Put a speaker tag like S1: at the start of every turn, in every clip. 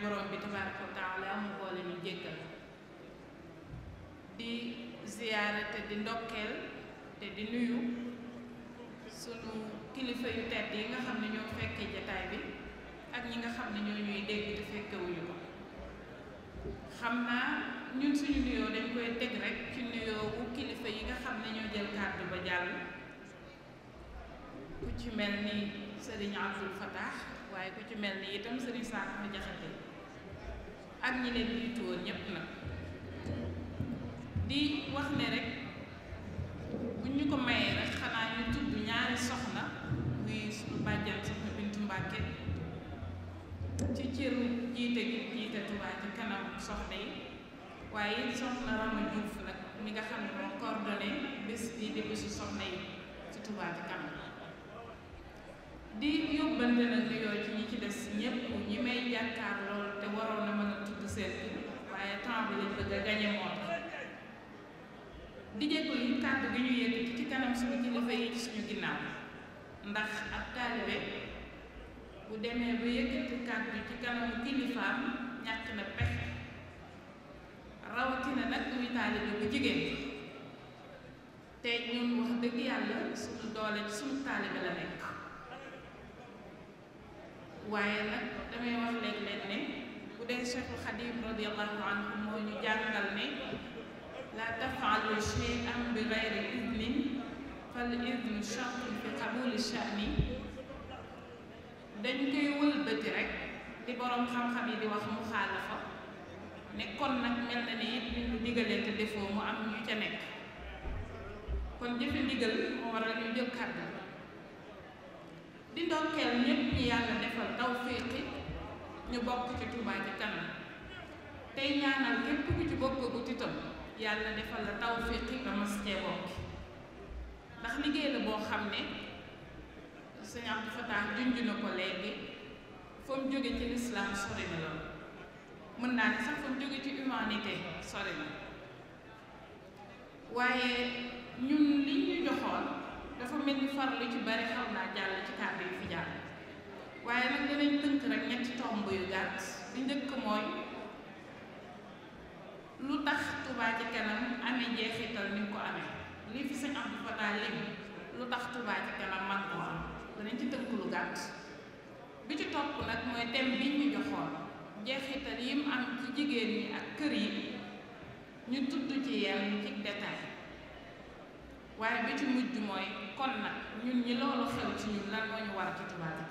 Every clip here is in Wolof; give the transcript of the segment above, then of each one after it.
S1: borom bi tabaraka wa taala mu boole ñu jéggal di ziyaare te di ndokkeel te di nuyu sunu kilifa yu tedd yi nga xam ne ñoo fekkee jataay bi ak ñi nga xam ne ñoo ñuy dégg te fekkewuñu ko xam naa ñun suñu nuyoo dañ koy teg rek ci nuyoo kilifa yi nga xam ne ñoo jël kàddu ba jàll ku ci mel ni Serigne Abdoul Fattah waaye ku ci mel ni itam Serigne Sakho Diakhaté ak ñi leen jiitu woon ñépp nag di wax ne rek bu ñu ko mayee rek xanaa ñu tudd ñaari soxna muy suñu bàjjan soxna Bintu Mbàkke ci cëru jiite jiite Tuubaa ci kanam soxna yi waaye it soxna Rama nag mi nga xam ne moo coordonné bés di di bésu soxna yi ci Tuubaa ci kanam di yóbbante nag nuyoo ci ñi ci des ñépp ñi may jàkkaar lool te waroon na mën seetlu waaye temps bi lañ a gañe moo tax di jégalu yi kàddu gi ñu yëkkati ci kanam suñu kilifa yi ci suñu ginnaaw ndax ab taalibe bu demee ba yëkkati kàddu ci kanamu kilifaam ñàkk na pexe rawatina nag muy taalibe bu jigéen te ñun wax dëgg yàlla suñu doole suñu taalibe la nekk waaye nag damay wax léeg-léeg ne. day Cheikhul Khadim radiallahu moo ñu jàngal ne laa tafaalu shay'an bi gayri idnin fal idnu shartun fi qabuli sha'ni dañ koy wëlbati rek di boroom xam-xam yi di wax mu xaalafa ne kon nag mel na ne it ñu digalee te defoo mu am ñu ca nekk kon jëfe ndigal moo waral ñu jël kàddu di ndokkeel ñépp ñu yàlla defal tawfiqi ñu bokk ci Touba ca kanam tey ñaanal képp ku ci bokkagut itam yàlla defal la tawféqi nga mas cee bokk ndax liggéey la boo xam ne sëñ Abdou Fatah junj na ko léegi fa jóge ci lislaam sori na lool mën naa ne sax fa mu jóge ci humanité sori na waaye ñun li ñu joxoon dafa mel ni farlu ci bari xaw naa jàll ci kàddu yi fi jàll waaye nag danañ tënk rek ñetti tomb yu gàtt bi njëkk mooy lu tax Touba ci kanam amee jeexital ni ko amee lii fi sëñ Abdou Fatah léegi lu tax Touba ci kanam man ko am danañ ci tënk lu gàtt bi ci topp nag mooy thème bi ñu joxoon jeexital yi mu am ci jigéen yi ak kër yi ñu tudd ci yenn ci détail waaye bi ci mujj mooy kon nag ñun ñi loolu xew ci ñun lan moo ñu war ci Touba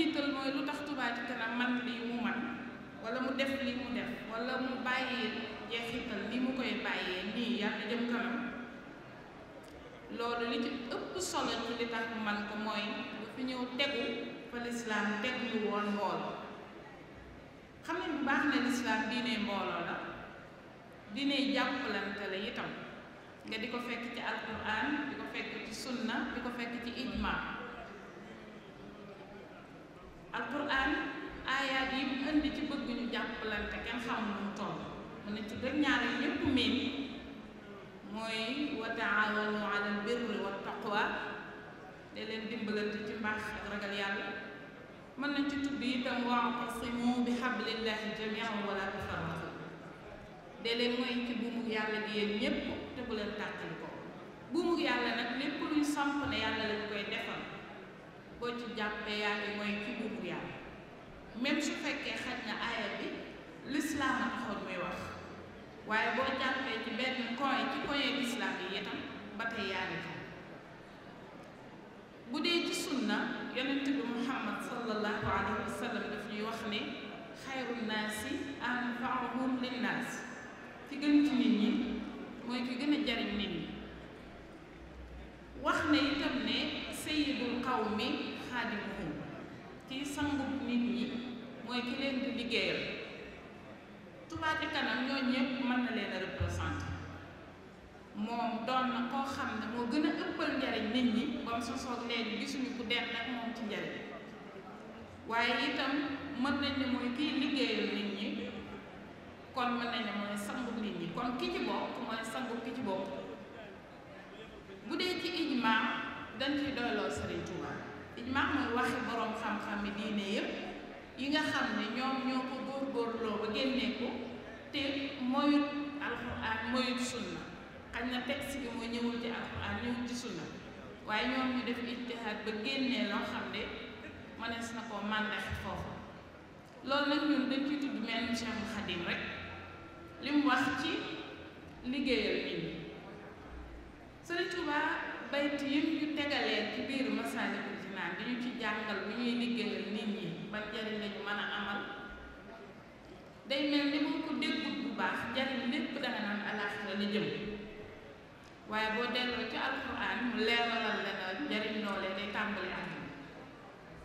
S1: jiital mooy lu tax Touba Ca Kanam man lii mu man wala mu def lii mu def wala mu bàyyi jeexital ni mu koy bàyyee nii yàlla jëm kanam loolu li ci ëpp solo ci li tax man ko mooy lu fi ñëw tegu fa lislaam teglu woon mbooloo xam bu baax ne lislaam diine mbooloo la diine jàppalante la itam nga di ko fekk ci alquran di ko fekk ci sunna di ko fekk ci ijma alquran aayaat yi mu indi ci bëgg ñu jàppalante kenn xamul mu toll mu ne ci gën ñaar yi ñëpp meen mooy wa taawanu alal birri wa taqwa te leen dimbalante ci mbaax ak ragal yàlla mën nañ ci tudd itam wa'tasimu bi hablillahi jamii'an wa laa tafarraqu de leen mooy ci buumu yàlla gi yéen ñëpp te bu leen tàqali ko buumu yàlla nag lépp luy samp ne yàlla lañ koy defal boo ci jàppee yaa mooy ki buur yàlla même su fekkee xaj na aaya bi lislaam a taxoon muy wax waaye boo jàppee ci benn koy ci koyee lislaam yi itam ba tey yaa ngi fa bu dee ci sunna yonent bi muhammad sallallahu alayhi wa sallam ñuy wax ne xayru naasi anfaahum linnaas ci gën ci nit ñi mooy ki gën jariñ nit ñi wax ne itam ne sayyidul qawmi xaadim xëñ kii sangub nit ñi mooy ki leen di liggéeyal Touba Kanam ñoo ñëpp mën na leen a moom doon na koo xam ne moo gën a ëppal njariñ nit ñi bam su soog léegi gisuñu ku dem nag moom ci njariñ waaye itam mën nañ ne mooy kii liggéeyal nit ñi kon mën nañ mooy sangub nit ñi kon ki ci bokk mooy sangub ki ci bokk bu dee ci ijmaa dañ ci doyloo Sëriñ Tuubaa ijmaa mooy waxi borom xam-xam yi diine yëpp yi nga xam ne ñoom ñoo ko góorgóorloo ba génnee ko te mooyut alxuraan mooyut sunna xañ na texte bi moo ñëwul ci alxuraan ñëwul ci sunna waaye ñoom ñu def ijtihaad ba génnee loo mënees na koo màndaxi foofu loolu nag ñun dañ ciy tudd mel ni Cheikh Khadim rek li mu wax ci liggéeyal nit ñi Sëriñ Tuubaa bayt yi ñu tegalee ci biir Masaalikul naa ci jàngal lu ñuy liggéeyal nit ñi ban jariñ lañu mën a amal day mel ni boo ko déggut bu baax jariñ lépp danga naan alaaxira la jëm waaye boo delloo ci alxuraan mu leeralal la jariñ loolee day tàmbali ak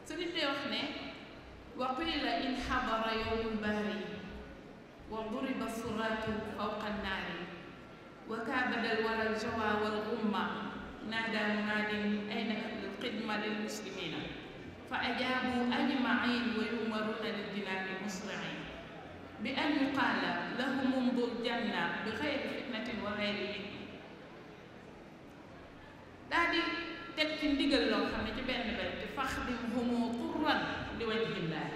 S1: sëriñ bi wax ne wa qiila in xadara yowmul bahri wa duriba suraatu fawqa naari wa kaabadal waral jawaa wal gumma naadaa munaadin ayna الخدمة للمسلمين فأجابوا أجمعين ويؤمرون للجنان مسرعين بأن يقال لهم انظر الجنة بغير فتنة وغير إثم daal di teg ci ndigal loo xam ne ci benn benn te fax di humoo turran di waj jillaay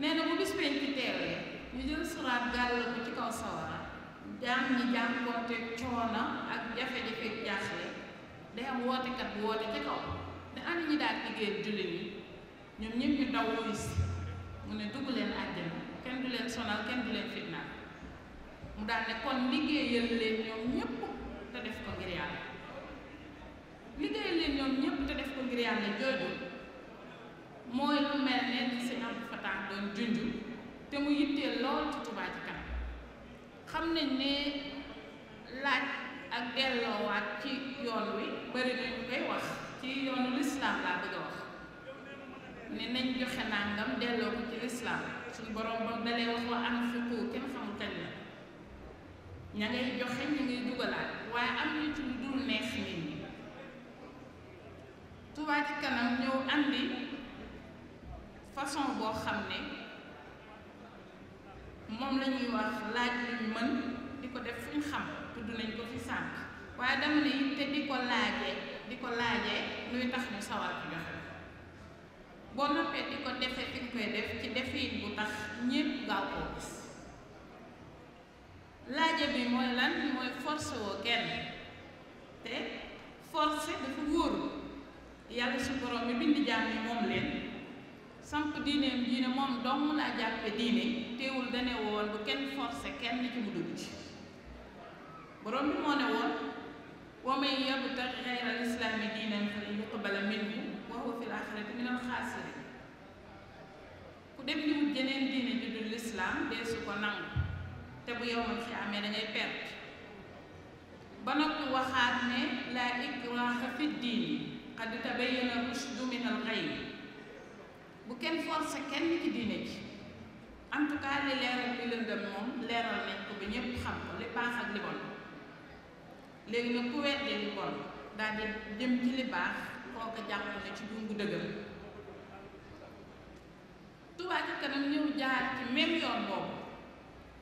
S1: nee na bu bis penc ci teewee ñu jël suraat gàll ko ci kaw sawara jaam ñi jànkoonte coono ak jafe-jafe jaaxle day am wootekat bu woote ca kaw ne ana ñi daal liggéey jullit ñi ñoom ñëpp ñu daw wuyu si mu ne dugg leen àjjana kenn du leen sonal kenn du leen fitnaal mu daal ne kon liggéeyal leen ñoom ñëpp te def ko ngir yàlla liggéeyal leen ñoom ñëpp te def ko ngir yàlla jooju mooy lu mel ne si am fataan doon junj te mu yittee lool ci Touba Ca Kanam xam nañ ne laaj ak delloowaat ci yoon wi bëri nañu koy wax ci yoonu lislaam laa bëgg wax ne nañ joxe nangam delloo ko ci lislaam suñu borom ba dalee wax wa am fi ci lu dul neex nit ñi Touba Kanam ñëw andi façon boo xam ne moom la wax laaj luñ mën di ko def fuñ xam tudd nañ ko fi sànq waaye dama ne it te di ko laajee di ko laajee luy tax ñu sawar ci joxe boo noppee di ko defee fi nga koy def ci defin bu tax ñépp gaaw koo gis laaje bi mooy lan mooy force woo kenn te force dafa wóoru yàlla su borom bi bind jaam yi moom leen samp diineem diine moom dong laa jàppe diine teewul dane woon bu kenn forcé kenn ci mu dugg ci borom bi moo ne woon wa man yabtaxi xayra al islaami diinan falan yuqbala minhu wa huwa fi l axirati min al ko nangu te bu yowmal xiyaamee da ngay perte ba noppi waxaat ne laa ikraha fi diini qad tabayyana rushdu min al xay bu kenn forcé kenn ci diine ji en leeral li moom leeral nañ ko ba xam ko li baax ak li léegi nag ku wedde li bon daal di dem ci li baax kooku jàpp ne ci dungu dëgër Touba Ca Kanam ñëw jaar ci même yoon boobu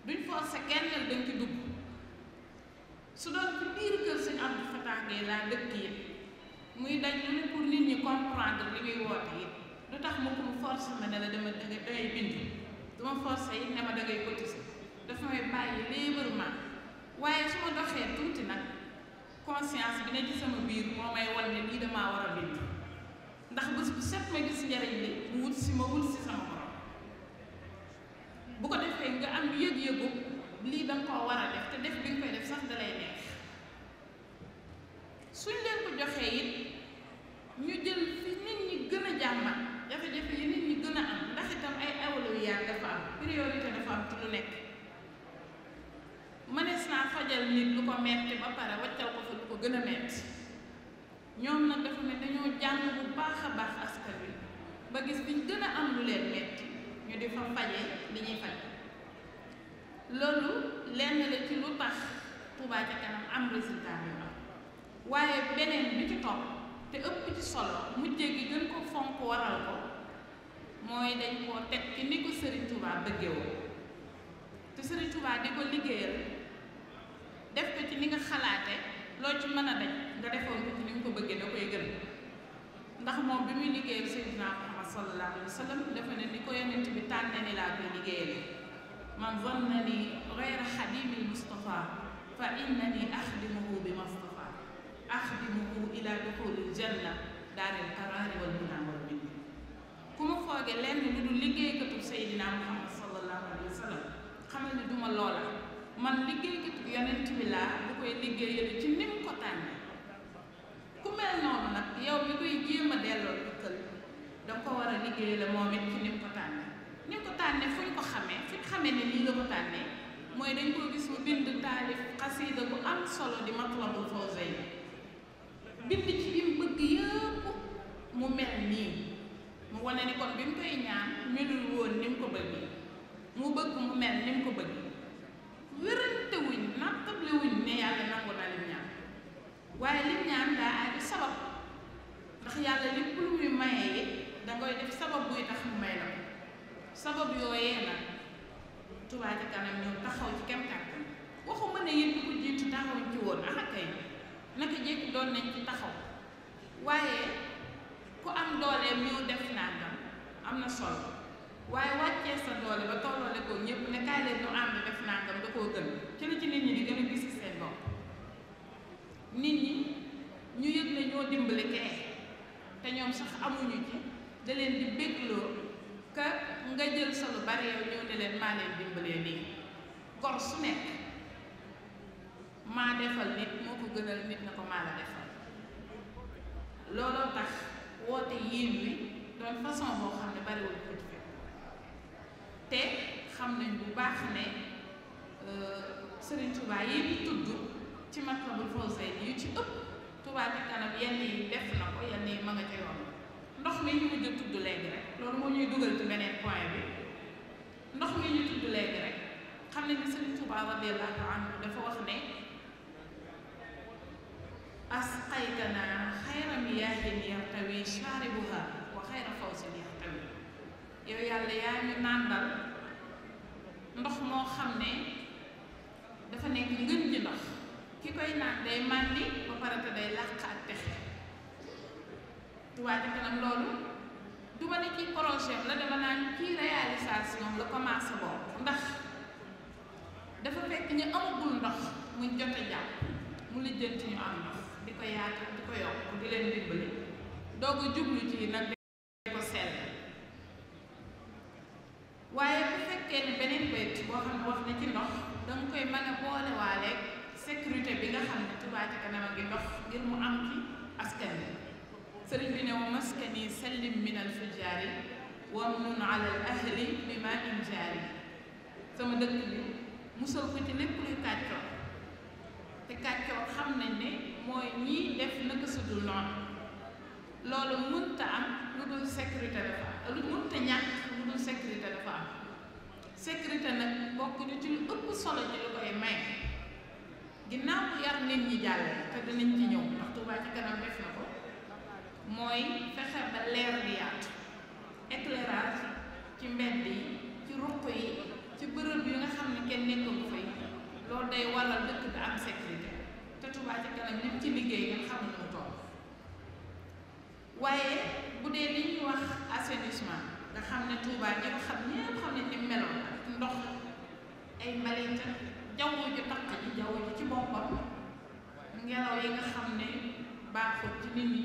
S1: duñ forcé kenn dañ ci dugg su doon ci biir kër sëñ Abdou Fatah Gueye laa dëkk yi muy daj lu pour nit ñi comprendre li muy woote yi du tax ma ko mu forcé ma ne la dama danga dangay bind du ma forcé yi ne ma dangay cotiser dafa may bàyyi librement waaye su doxee tuuti nag conscience bi ne ci sama biir moo may wan ne nii damaa war a bind ndax bés bu set ma gis njariñ li mu wut si ma wut si sama borom bu ko defee nga am yëg-yëgu lii fa innani axdimuhu bi mastafa axdimuhu ila duxulil janna daaril qaraari wal a wal minna ku ma fooge lenn lu dul liggéeykatu Seydina Muhammad sallallahu alayhi wa sallam xamal ni duma loola man liggéeykatu yonent bi laa bu koy liggéeyale ci ni ko tànne ku mel noonu nag yow mi koy jéem a delloo dikkal da ko war a liggéeyale moom it ci ni ko tànne ni mu ko tànne fuñ ko xamee fuñ xamee ne lii la ko tànnee mooy dañ koo gis mu bind taalif xasiida bu am solo di Matlabul Fawzayni bind ci li mu bëgg yëpp mu mel nii mu wane ni kon bi mu koy ñaan melul woon ni mu ko bëggee mu bëgg mu mel ni mu ko bëggee wérante wuñ nattable wuñ ne yàlla nangu na lim ñaan waaye lim ñaan daa aaju sabab ndax yàlla lépp lu muy maye da def sabab buy tax mu may la sabab yooyee la Touba Ca Kanam ñëw taxaw ci kem kàttan waxuma ne yéen ko jiitu taxawuñ ci woon ah kay naka jekk doon nañ ci taxaw waaye ku am dooleem ñëw def nangam am na sol waaye wàccee sa doole ba tolloole ko ñëpp ne kaay leen ñu ànd def nangam da koo gën ci la ci nit ñi di gën a gis seen bopp nit ñi ñu yëg ne ñoo dimbali kee te ñoom sax amuñu ci da leen di bégloo que nga jël sa lu bari yow ñëw ne leen maa leen dimbalee lii gor su nekk maa defal nit moo ko gënal nit na ko maa la defal looloo tax woote yéen wi doon façon boo xam ne bariwul ko fi te xam nañ bu baax ne euh, Serigne Touba yi bi tudd ci Matlabul Fawzayni yu ci ëpp Touba ci kanam yenn yi def na ko yenn yi ma nga ca yoon ndox mi ñu mujj tudd léegi rek. loolu moo ñuy dugal ci beneen point bi ndox mi ñu tudd léegi rek xam ne ni Sëriñ Tuubaa radiyallaahu anhu dafa wax ne asqaytana xayra miyaahin yartawi shaaribuha wa xayra fawsin yartawi yow yàlla yaa ñu nàndal ndox moo xam ne dafa nekk ngën ji ndox ki koy naan day màndi ba day làq ak texe Touba ca kanam loolu du ma ne kii projet la dama naan kii réalisation la commencé boobu ndax dafa fekk ñu amagul ndox mu jot a jàpp mu lijjanti ñu am ndox di ko yaatal di ko yokk di leen dimbali doog a jublu ci nag ko sell waaye bu fekkee ne beneen wet boo xam ne wax na ci ndox danga koy mën a boole waaleeg sécurité bi nga xam ne Touba ca ndox ngir mu am ci askan wi sëriñ bi ne wa maskani sallim min al fijaari wamnun ala al ahli bi ma in jaari sama dëkk bi musal ko ci lépp luy kàccoor te kàccoor xam nañ ni mooy ñiy def naka sudul noonu loolu mënta am lu dul sécurité dafa am lu mënta ñàkk lu dul sécurité dafa am sécurité nag bokk ñu ci lu ëpp solo ji lu koy may ginnaaw yar nit ñi jàll te dinañ ci ñëw ndax Tuubaa ci kanam def na ko mooy fexe ba leer bi yaatu ci mbedd yi ci ruq yi ci bërëb yu nga xam ne kenn nekkagu fay loolu day waral dëkk bi am sécurité te Touba Ca Kanam nim ci liggéey nga xam ne mu toll waaye bu dee li ñuy wax assainissement nga xam ne Touba ñëpp xam ñëpp xam ne ni meloon ndox ay mbalit jaww ju taq ji jaww ji ci boppam ngelaw yi nga xam ne baaxul ci nit ñi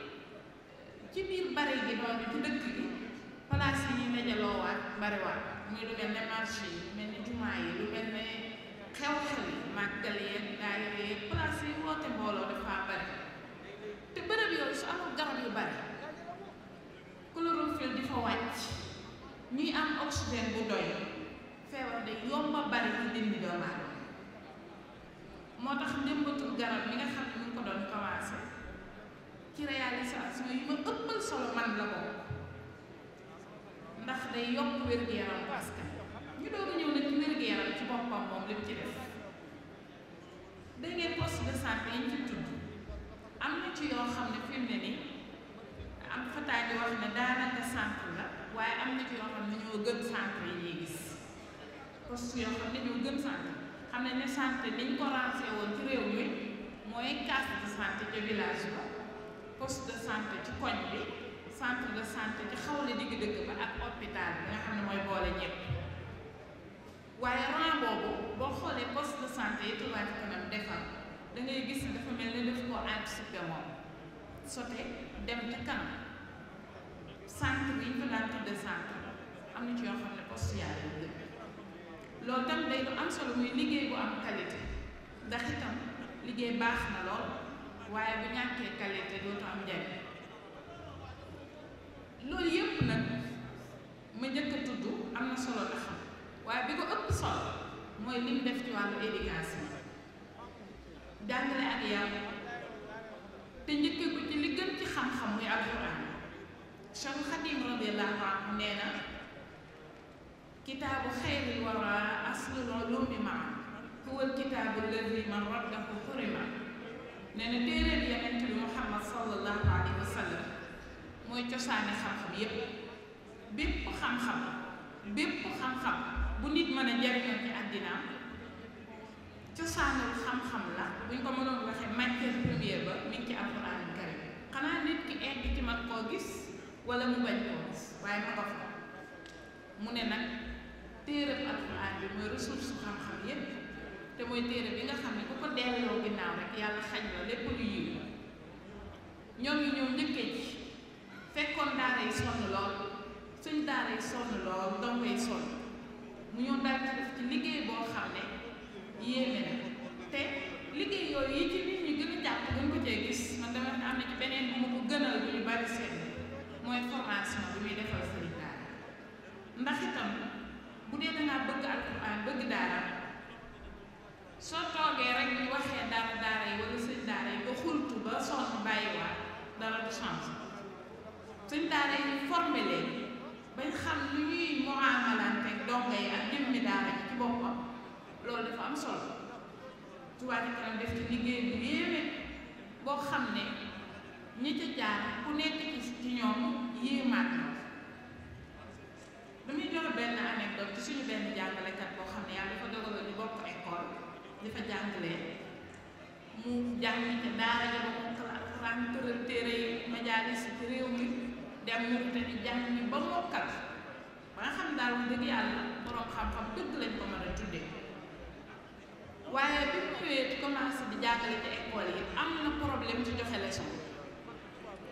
S1: ci biir bari gi noonu ci dëkk bi place yi ñu dajaloowaat bariwaat muy lu mel ne marché yi lu mel ne jumaa yi lu mel ne xew-xew yi màggal yeeg daayira yeeg place yi mbooloo dafa bari te bërëb yooyu su amul garab yu bari chlorophylle di fa wàcc ñuy am oxygène bu doy feebar de yomb bari ci dindi doomu aadama moo tax ndëmbatul garab mi nga xam ne ko doon commencé ci réalisation yi ma ëppal solo man la boobu ndax day yokk wér-gu-yaram parce que ñu doog a ñëw nag ci wér gu ci boppam moom lim ci def da ngeen de santé yi ñu tudd am na ci yoo xam ne fi mu ne ni am fataa di wax ne daanaka centre la waaye am na ci yoo xam ne ñoo gën centre yi ñuy gis poste yoo xam ne ñoo gën centre xam ne ne santé niñ ko rancé woon ci réew mi mooy case de santé ca village ba poste de santé ci koñ bi centre de santé ci xaw na digg dëkk ba ak hôpital bi nga xam ne mooy boole ñëpp waaye rang boobu boo xoolee post de santé yi Touba Ca Kanam defar da gis ne dafa mel ne daf koo anticipé moom sote dem ci kanam centre yi ñu ko centre am na ci yoo xam ne poste yaa leen dëkk loolu tam day lu am solo muy liggéey bu am qualité ndax itam liggéey baax na lool. waaye bu ñàkkee qualité dootu am njariñ loolu yépp nag ma njëkk tudd am na solo la xam waaye bi ko ëpp solo mooy lim def ci wàllu éducation jàngale ak yàlla te njëkkee ci li gën ci xam-xam muy alxuraan Cheikh Khadim radiyallahu anhu nee na kitaabu xayril wara aslul ulumi ma huwa alkitaabu alladi man raddahu xurima nee na téeréel yonent bi Muhammad sallallahu alayhi wa sallam mooy cosaani xam-xam yépp bépp xam-xam xam-xam bu nit mën a jariñoo ci àddinaam cosaanul xam-xam la buñ ko mënoon waxee matière première ba mi ci alxuraanul karim xanaa nit ki egg ci mag koo gis wala mu bañ koo gis waaye ma fa mu ne nag téereb alxuraan bi mooy ressource xam-xam yépp te mooy téere bi nga xam ne ku ko delloo ginnaaw rek yàlla xañ la lépp lu yiw ñoom ñu ñëw njëkkee ci fekkoon daara yi sonn lool suñ daara yi sonn lool ndongo yi sonn mu ñëw daal di ci liggéey boo xam ne yéeme na te liggéey yooyu yi ci nit ñi gën a jàpp gën ko cee gis man dama am na ci beneen bu ma ko gënal bu ñu bari seen mooy formation bi muy defal sëriñ daara ndax itam bu dee dangaa bëgg alxuraan bëgg daara soo toogee rek ñu waxee daara daara yi wala sëñ daara yi ba xultu ba sonn bàyyiwaat dara du changé sëñ daara yi formé leen bañ xam lu ñuy muamalante donga yi ak jëmmi daara ci boppam loolu dafa am solo Touba Ca Kanam def ci liggéey bu yéeme boo xam ne ñi ca ku nekk ci ñoom yéemaat na lu muy joxe benn anecdote ci suñu benn jàngalekat boo xam ne yàlla dafa dogaloon ñu bokk école dafa jàngale mu jàng ca daara ja ba mokkal alxuraan téere yi majaalis ci réew mi dem mu te ni jàng ni ba mokkal ba nga xam daal mu dëgg yàlla boroom xam-xam dëgg lañ ko mën a tuddee waaye bi mu ñëwee di commencé di jàngale ci école yi am na problème ci joxe leçon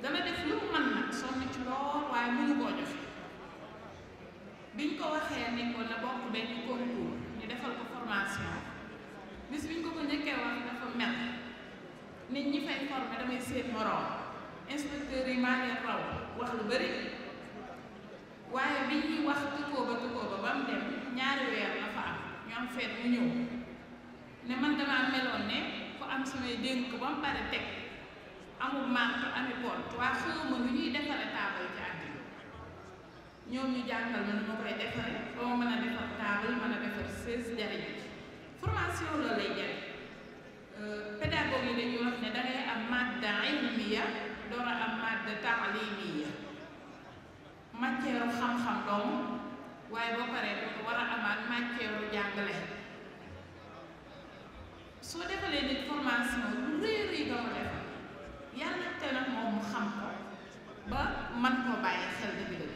S1: dana def lu mu mën nag sonn ci lool waaye mënu koo joxe biñ ko waxee ni ko na bokk benn concours ñun ñi fay formé damay seen morom inspecteur yi maa leen raw wax lu bëri waaye bi ñuy wax tukooba tukooba ba mu dem ñaari weer la fa am ñu am feet mu ñëw ne man damaa meloon ne ku am samay dénk ba mu pare teg amul marque ami porte waa xawma lu ñuy defare taabal ci àtt ñoom ñu jàngal ma nu ma koy defare ba mën a defar taabal mën a defar seize jariñ formation lay jariñ pédagogue yi dañuy wax ne da ngay am madda ilmiya door a am madda taalimiya matière xam-xam doomu waaye boo paree dafa war a amaat matière jàngale soo defalee nit formation lu rëy rëy doo ko def yàlla te nag moom mu xam ko ba man koo bàyyi xel dëgg-dëgg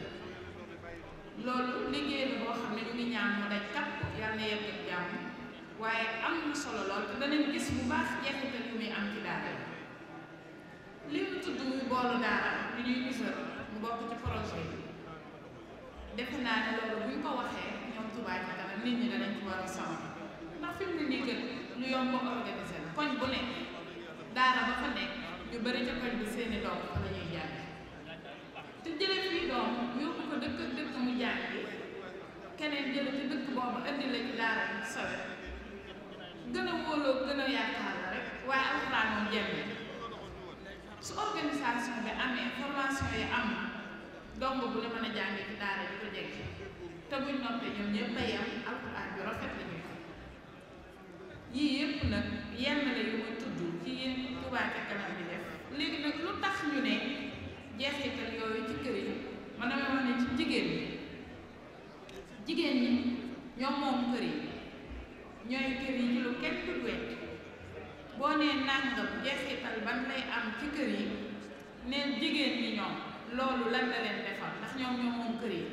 S1: loolu liggéey boo xam ne ñu ngi ñaan mu daj yàlla na yegg jàmm waaye am na solo lool te danañ gis bu baax jeexital yu muy am ci daara li mu tudd muy boolu daara li ñuy usal mu bokk ci projet yi defe naa ne loolu buñ ko waxee ñoom Touba Ca Kanam nit ñi danañ ci war a sama ndax fi mu ne nii gën lu yomb ko la koñ bu nekk daara ba fa nekk ñu bëri ca koñ bi seeni doom fa la ñuy jàng te jële fii doom yóbbu ko dëkk dëkk mu jàng keneen jële ci dëkk boobu indi ci daara sawet gën a wóoloo gën a yaakaar rek waaye alxuraan moom yenn su organisation bi amee formation yi am dong bu la mën a jàngee ci bi ko jekki te buñ noppee ñoom ñëpp a yem alxuraan bi rafet la ñuy yëpp nag yenn la ma tudd ci yéen Touba ca kanam bi def léegi nag lu tax ñu ne jeexital yooyu ci kër yi man dama wax ne ci jigéen ñi jigéen ñi ñoom moom kër yi ñooy kër yi ci lu kenn du wet boo nee nàngam jeexital ban lay am ci kër yi neen jigéen ñi ñoom loolu lan la leen defal ndax ñoom ñoo moom kër yi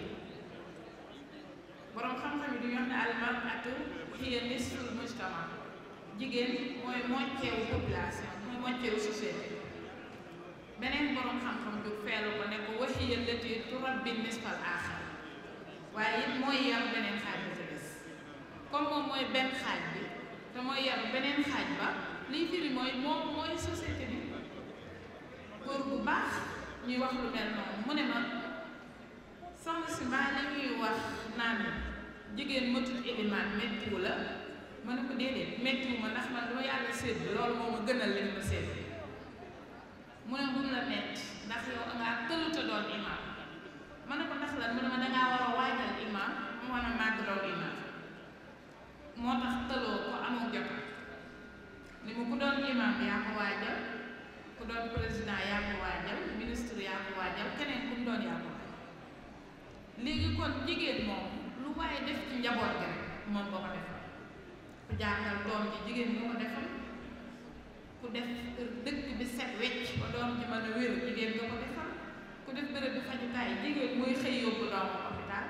S1: borom xam-xam yi du ñu wax ne almar'atu hiya mujtama jigéen mooy mocceewu population mooy mocceewu société beneen borom xam-xam du feelu ko ne ko wa hiya allati turabbi nisfal aaxar waaye it mooy yar beneen xaaj comme moom mooy benn xaaj bi te mooy yaru beneen xaaj ba liy firi mooy moom mooy société bi góor bu baax ñuy wax lu mel noonu mu ne ma soxna si baa li ñuy wax naan jigéen matut élimaan méttiwu la ma ne ma ndax yàlla séet loolu moo ma gënal leen ma séet mu ne mun la metti ndax yow da ngaa doon imaam ma ne ko ndax lan mu ne ma dangaa war a waajal imaam mu war a màgg imaam moo tax tëloo ko amoo jota ni mu ku doon imam yaa ko waajal ku doon président yaa ko waajal ministre yaa ko waajal keneen ku mu doon yaa ko waajal léegi kon jigéen moom lu waaye def ci njaboot gi rek moom boo ko defal ku jàngal doom ji jigéen boo ko defal ku def dëkk bi set a bërëb bi fajukaay jigéen muy xëy yóbbu doom hôpital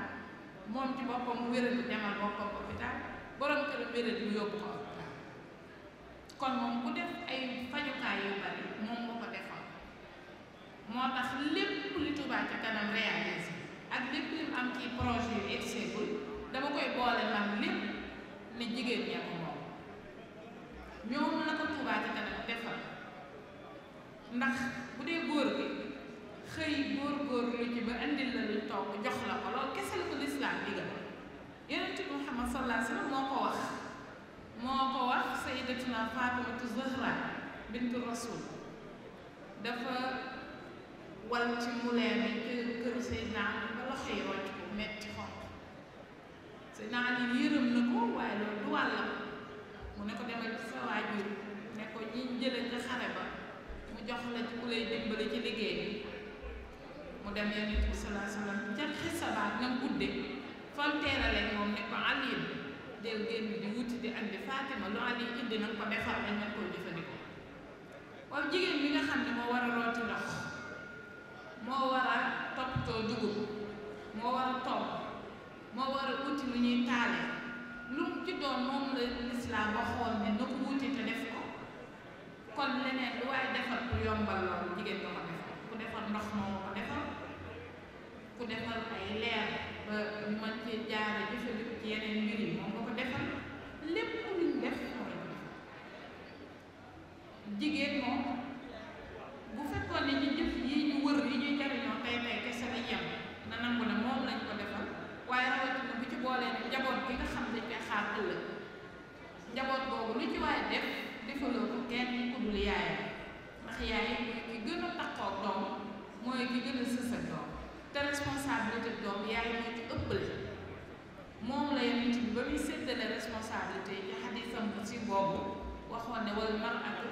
S1: moom ci boppam wér bi demal boppam hôpital borom këram wéral mu yóbbu ko hôpital kon moom ku def ay fajukaay yu bari moom moo ko defal moo tax lépp li Touba ca kanam réalisé ak lépp li am ci projet yu exeegul dama koy boole man lépp ne jigéen ña ko moom ñoom la ko Touba ca kanam defal ndax bu dee góor gi xëy góor góor lu ci ba indil la lu togg jox la ko loolu kese la ko lislaam digal yonent bi Muhammad sallallahu alayhi wa moo ko wax moo ko wax sayyidatuna Fatimatu Zahra bintu Rasul dafa wal ci mulee bi kër këru Seydina Ali ba loxo yi ko metti xonq Seydina Ali yërëm na ko waaye loolu du mu ne ko demal ci sa waajur ne ko ñi dem yonent gudde fonteera leen moom ne ko Aliou del génn di wuti di andi Fatima lu Aliou indi na ko defar nañ nga koo jëfandikoo waaw jigéen bi nga xam ne moo war a rooti ndox moo war a toppatoo dugub moo war a togg moo war a uti lu ñuy taale lu ci doon moom la lislaam waxoon ne na ko wuti te def ko kon leneen lu waaye defar ku yombal loolu jigéen nga ko defar ku defar ndox moo ko defar ku defal ay leer ba ñu mën cee jaare jëfandiku ci yeneen mbir moom nga ko defal lépp luñ def mooy moom na ko defal waaye rawatina bu ci boolee ne njaboot bi nga xam dañ koy xaar ëllëg njaboot boobu lu ci waaye def defaloo ko kenn ku dul ndax yaay mooy ki gën a doom mooy ki gën a doom responsabilité doom yaay moo ci ëppale moom la yonent bi ba muy séddale responsabilité yi ci xadisam bu si boobu waxoon ne wal mar'atu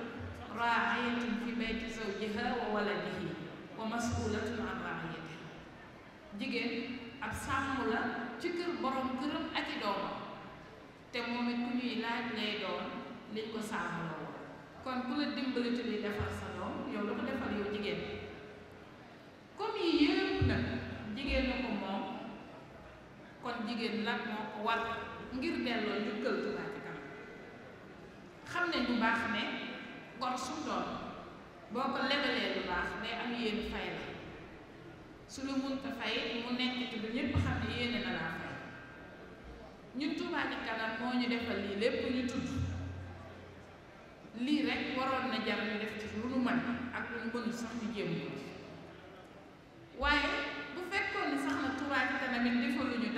S1: raa'iyatun fi bayti zawjiha wa waladihi wa mas'ulatun an raa'iyatihi jigéen ab sàmm la ci kër borom këram ak i doomam te moom it ku ñuy laaj lay doon liñ ko sàmm la woon kon ku la dimbali ci di sa doom yow la ko defal yow jigéen comme yi yëpp nag jigéen na ko moom kon jigéen lan moo ko war ngir delloo njukkal Touba Ca Kanam xam ne ñu baax ne gor su boo ko lebalee lu baax day am yéen fay la su lu munta fay mu nekk ci lu ñépp xam ne yéene na laa fay ñun Kanam moo ñu defal lii lépp ñu tudd lii rek waroon na jar ñu def ci lu nu mën ak lu nu mënul sax ñu jéem ko waaye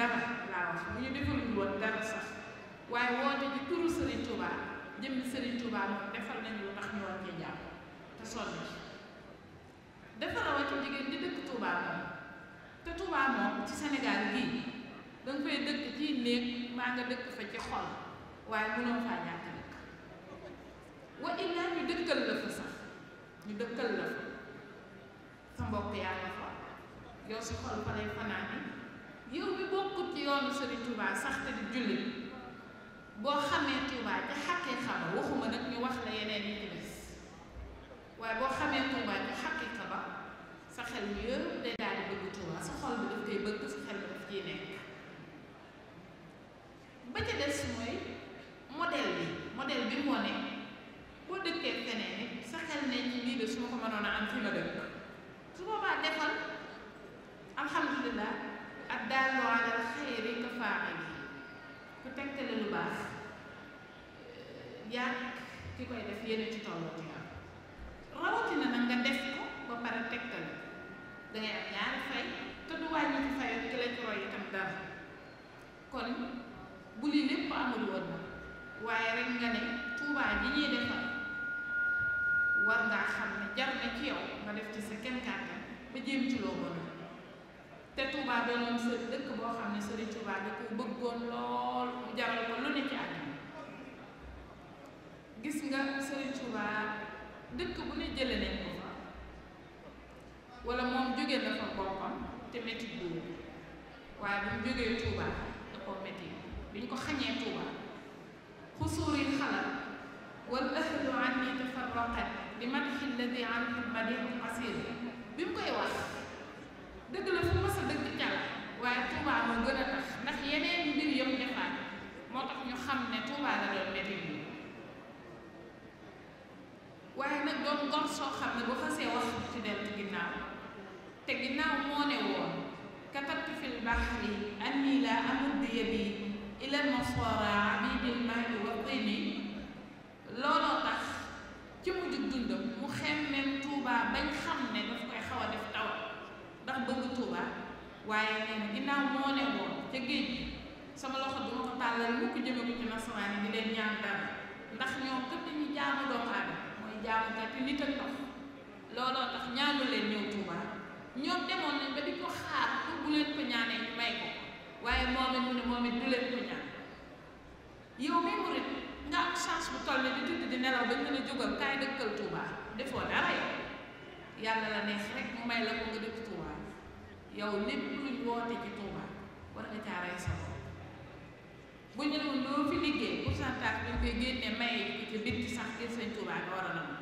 S1: dara laa wax bu ñu defaluñu woon dara sax waaye woote ci turu Serigne Touba jëmmi Serigne Touba moom defal nañu lu tax ñu war cee jàpp te sonn ci dafa rawa ci jigéen di dëkk Touba moom te Touba moom ci Sénégal gii da nga fay dëkk ci néeg maa nga dëkk fa ci xol waaye mënoo faa ñàkk dëkk wa illaa ñu dëkkal la fa sax ñu dëkkal la fa sa mbokk yaa nga yow si xol fa lay fanaani yow bi bokkut ci yoonu Serigne Touba sax te di jullit boo xamee Touba te xàkkee xaba waxuma nag ñu wax la yeneen yi ci des waaye boo xamee Touba te xàkkee xaba sa xel yëpp day daal di bëgg Touba sa xol bi daf koy bëgg def ci tolloo ci am rawatina nag nga def ko ba pare tegtal da am ñaari fay te du wàññi ci fayoon ki lañ roy itam dara kon bu lii lépp amul woon na waaye rek nga ne tuubaa ji ñuy defal war ngaa xam ne jar na ci yow nga def ci sa kenn kàttan ba jéem ci loo mën te Touba doonoon sa dëkk boo xam ne Sëriñ Touba da ko bëggoon lool jaral ko lu ne ci gis nga Sëriñ Tuubaa dëkk bu ne jële nañ ko fa wala moom jóge na ko boppam te métti boobu waaye bu jógee Tuubaa da ko métti bi ñu ko xañee Tuubaa xusuuri xalal wal ahlu anni tafarraqat li madxi alladi anhu madix asir bi mu koy wax dëgg la fu mas a dëgg càll waaye Tuubaa moo gën a tax ndax yeneen mbir yëpp defaat moo tax ñu xam ne Tuubaa la doon métti waaye nag doon gor soo xam ne bu xasee wax ci dellu ginnaaw te ginnaaw moo ne woon katabtu fil bahri anni la amuddu yadi ila nasara abidil maayi wa tini looloo tax ci mujjug dundam mu xemmem Touba bañ xam ne daf koy xaw def taw ndax bëgg Touba waaye neen ginnaaw moo ne woon ca géej gi sama loxo duma ko tàllal mu ko jëme ko yi leen ñaan dara ndax ñoom kat dañuy jaamu doomu aadama jaamu tàppi nit ak ndox looloo tax ñaanu leen ñëw Touba ñoom demoon nañ ba di ko xaar pour bu leen ko ñaanee may ko waaye moom mu ne moom it du leen ko ñaan yow mi murit nga am chance bu toll nii di tudd di nelaw ba ñu ne jógal kaay dëkkal Touba defoo dara yow yàlla la neex rek mu may la ko nga dëkk Touba yow lépp luñ woote ci Touba war nga caa rey sa bu ñu doon loo fi liggéey pourcentage bi ñu koy génnee maye yi ci sax ngir sëñ Touba nga war a nangu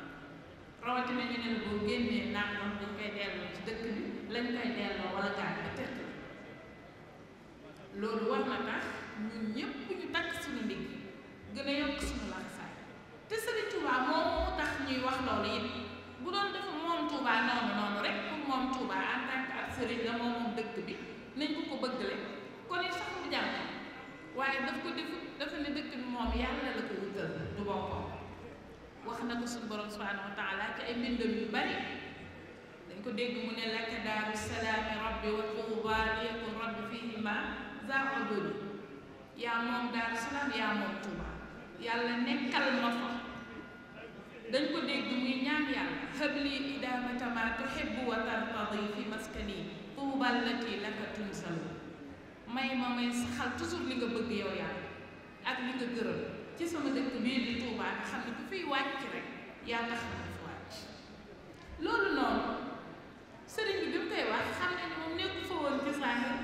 S1: rawatina ñu ne boo génnee nangam dañ koy delloo ci dëkk bi lañ koy delloo bi tëkk loolu war na tax ñun a yokk suñu laxasaay te sëriñ Touba moo tax ñuy wax loolu it bu doon def moom Touba noonu noonu rek moom Touba en tant sëriñ la moom dëkk bi nañ ko bëgg bëggale kon it sax mu jàmm waaye daf ko def dafa ne dëkk bi moom yàlla la ko wutal du boppam wax na ko suñu borom subhanahu wa taala ci yu bari dañ ko dégg mu ne laka daaru salaami rabbi wa tuubaa yaa moom daaru salaam yaa moom tuuba yàlla nekkal ma fa dañ ko dégg muy ñaan yàlla xëbli idaamata ma tuhibbu wa tartadi fi maskani tuubal lati laka tunsalu may ma may saxal toujours li nga bëgg yow yàlla ak li nga gërëm ci sama dëkk bii di Touba nga xam ne ku fiy wàcc rek yàlla xam ne fi wàcc loolu noonu sëriñ bi bi mu koy wax xam ne moom nekku fa woon ci saaxir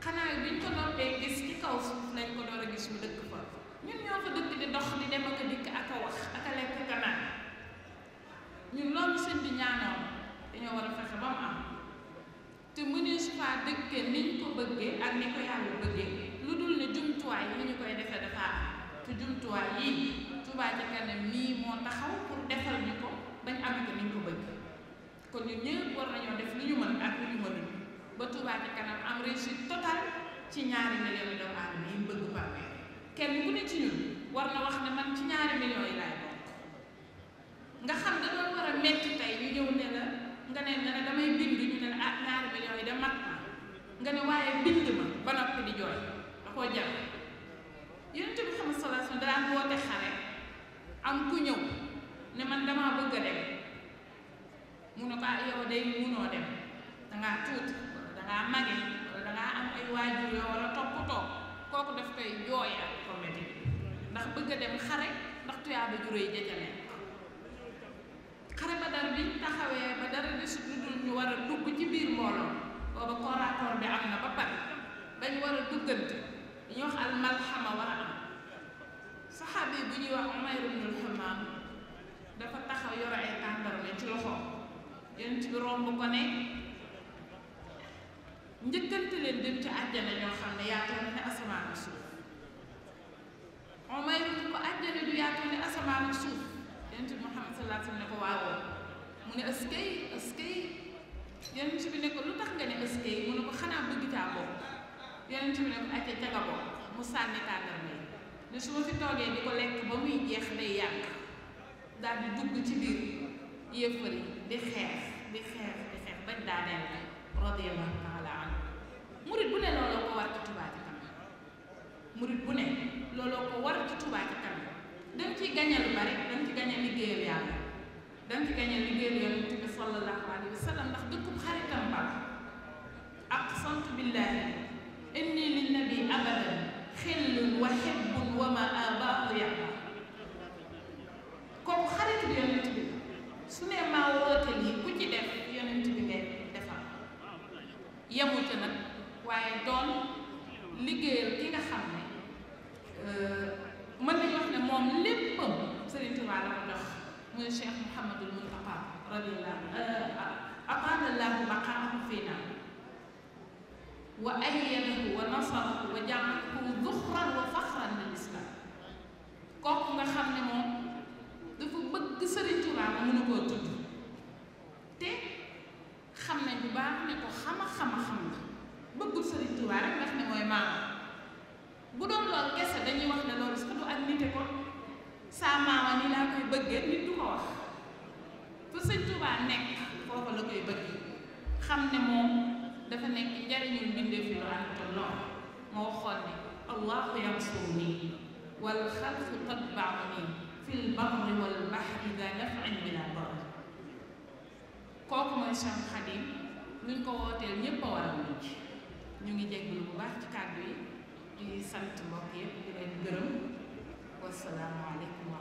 S1: xanaa biñ ko noppee gis ci kaw suuf lañ ko door a gis mu dëkk fa ñun ñoo fa dëkk di dox di dem ak dikk ak a wax ak a lekk ak ñun loolu sëñ bi ñaanoon dañoo war a fexe ba mu am te mënees faa dëkke niñ ko bëggee ak ni ko yàlla bëggee lu dul ne jumtuwaay yi ñu koy defee dafa am te jumtuwaay yii Touba Ca Kanam nii moo taxaw pour defal ñu ko bañ am ko niñ ko bëggee kon ñu ñëpp war nañoo def li ñu mën ak li ñu mënul ba Touba Ca Kanam am réussite totale ci ñaari millions yi doomu aadama yi bëgg par weer kenn ku ne ci ñun war na wax ne man ci ñaari millions yi laay bokk nga xam da war a metti nga ne nga ne damay bind ñu ne ah ñaari millions yi de mat nga ne waaye bind ma ba noppi di jooy da koo jar yonent bi ku ñëw ne man damaa bëgg a dem mu ne ko ah yow day munoo dem dangaa tuuti dangaa mage wala dangaa am ay waajur yoo war a toppatoo kooku daf koy jooy ak ko ndax bëgg a dem xare ndax tuyaaba ju rëy jëjale xare badar bi ñu taxawee ba dara desut lu dul ñu war a dugg ci biir mbooloo booba corps bi am na ba pare bañ war a duggante ñu wax al malxama war a am saxaabi bu ñuy wax Umayr ibnul Xamaam dafa taxaw yore ay tàndarme ci loxo yonent bi romb ko ne njëkkante leen dem ci àjjana ñoo xam ne yaakaar ne asamaan suuf Muhammad sallallahu alayhi wasallam ne ko waawoo mu ne askay askay yonent bi ne ko lu tax nga ne askay mu ne ko xanaa bëgg caa bokk yonent bi ne ko acca ca nga mu sànni tàndarma ne su ma fi toogee di ko lekk ba muy jeex day yàq daal di dugg ci biir yéefar yi di xeex di xeex bañ daaneel la radiyallahu taala anhu murit bu murit bu ne looloo ko war ci Touba Ca Kanam dañ ci gañe lu bari dañ ci gañe liggéeyu yàlla dañ ci gañe liggéeyu yonent bi sallallahu alayhi wa sallam ndax dëkkub xaritam ba ak sant billahi inni lin nabi abadan xillun wa hibbun wa ma abaahu yàlla xarit bi yonent su ne maa yi ku ci def yonent bi ngay defal yemute nag waaye doon liggéeyal ki nga xam ne euh, mën nañu wax ne moom léppam Sëriñ Tuubaa la ko jox muy Cheikh Mouhamadul Moustapha radiyallaahu ataanallaahu euh, maqaamahu fiinaa wa ayyadahu wa nasarahu wa ja'alahu zuxran wa faxran lil islaam kooku nga xam ne moom dafa bëgg Sëriñ Tuubaa ba mënu koo tudd te xam nañ bu ne ko xama xama xam la bëggul Sëriñ Tuubaa rek ndax ne mooy maam bu doon loolu kese dañuy wax ne loolu sax du ak nite ko saa maama ni laa koy bëggee nit du ko wax fu sëñ Tuubaa nekk foofu la koy bëgg xam ne moom dafa nekk njariñul mbindeef yu ànd te moo xool ne allahu yansuruni wal xalqu tatbauni fil barri wal bahri daa naf'in bila darar kooku mooy Cheikh Xadim luñ ko wooteel ñépp a war a mujj ñu ngi jégalu bu baax ci kàddu yi di sant mbokk yëpp di leen gërëm wasalaamaaleykum wa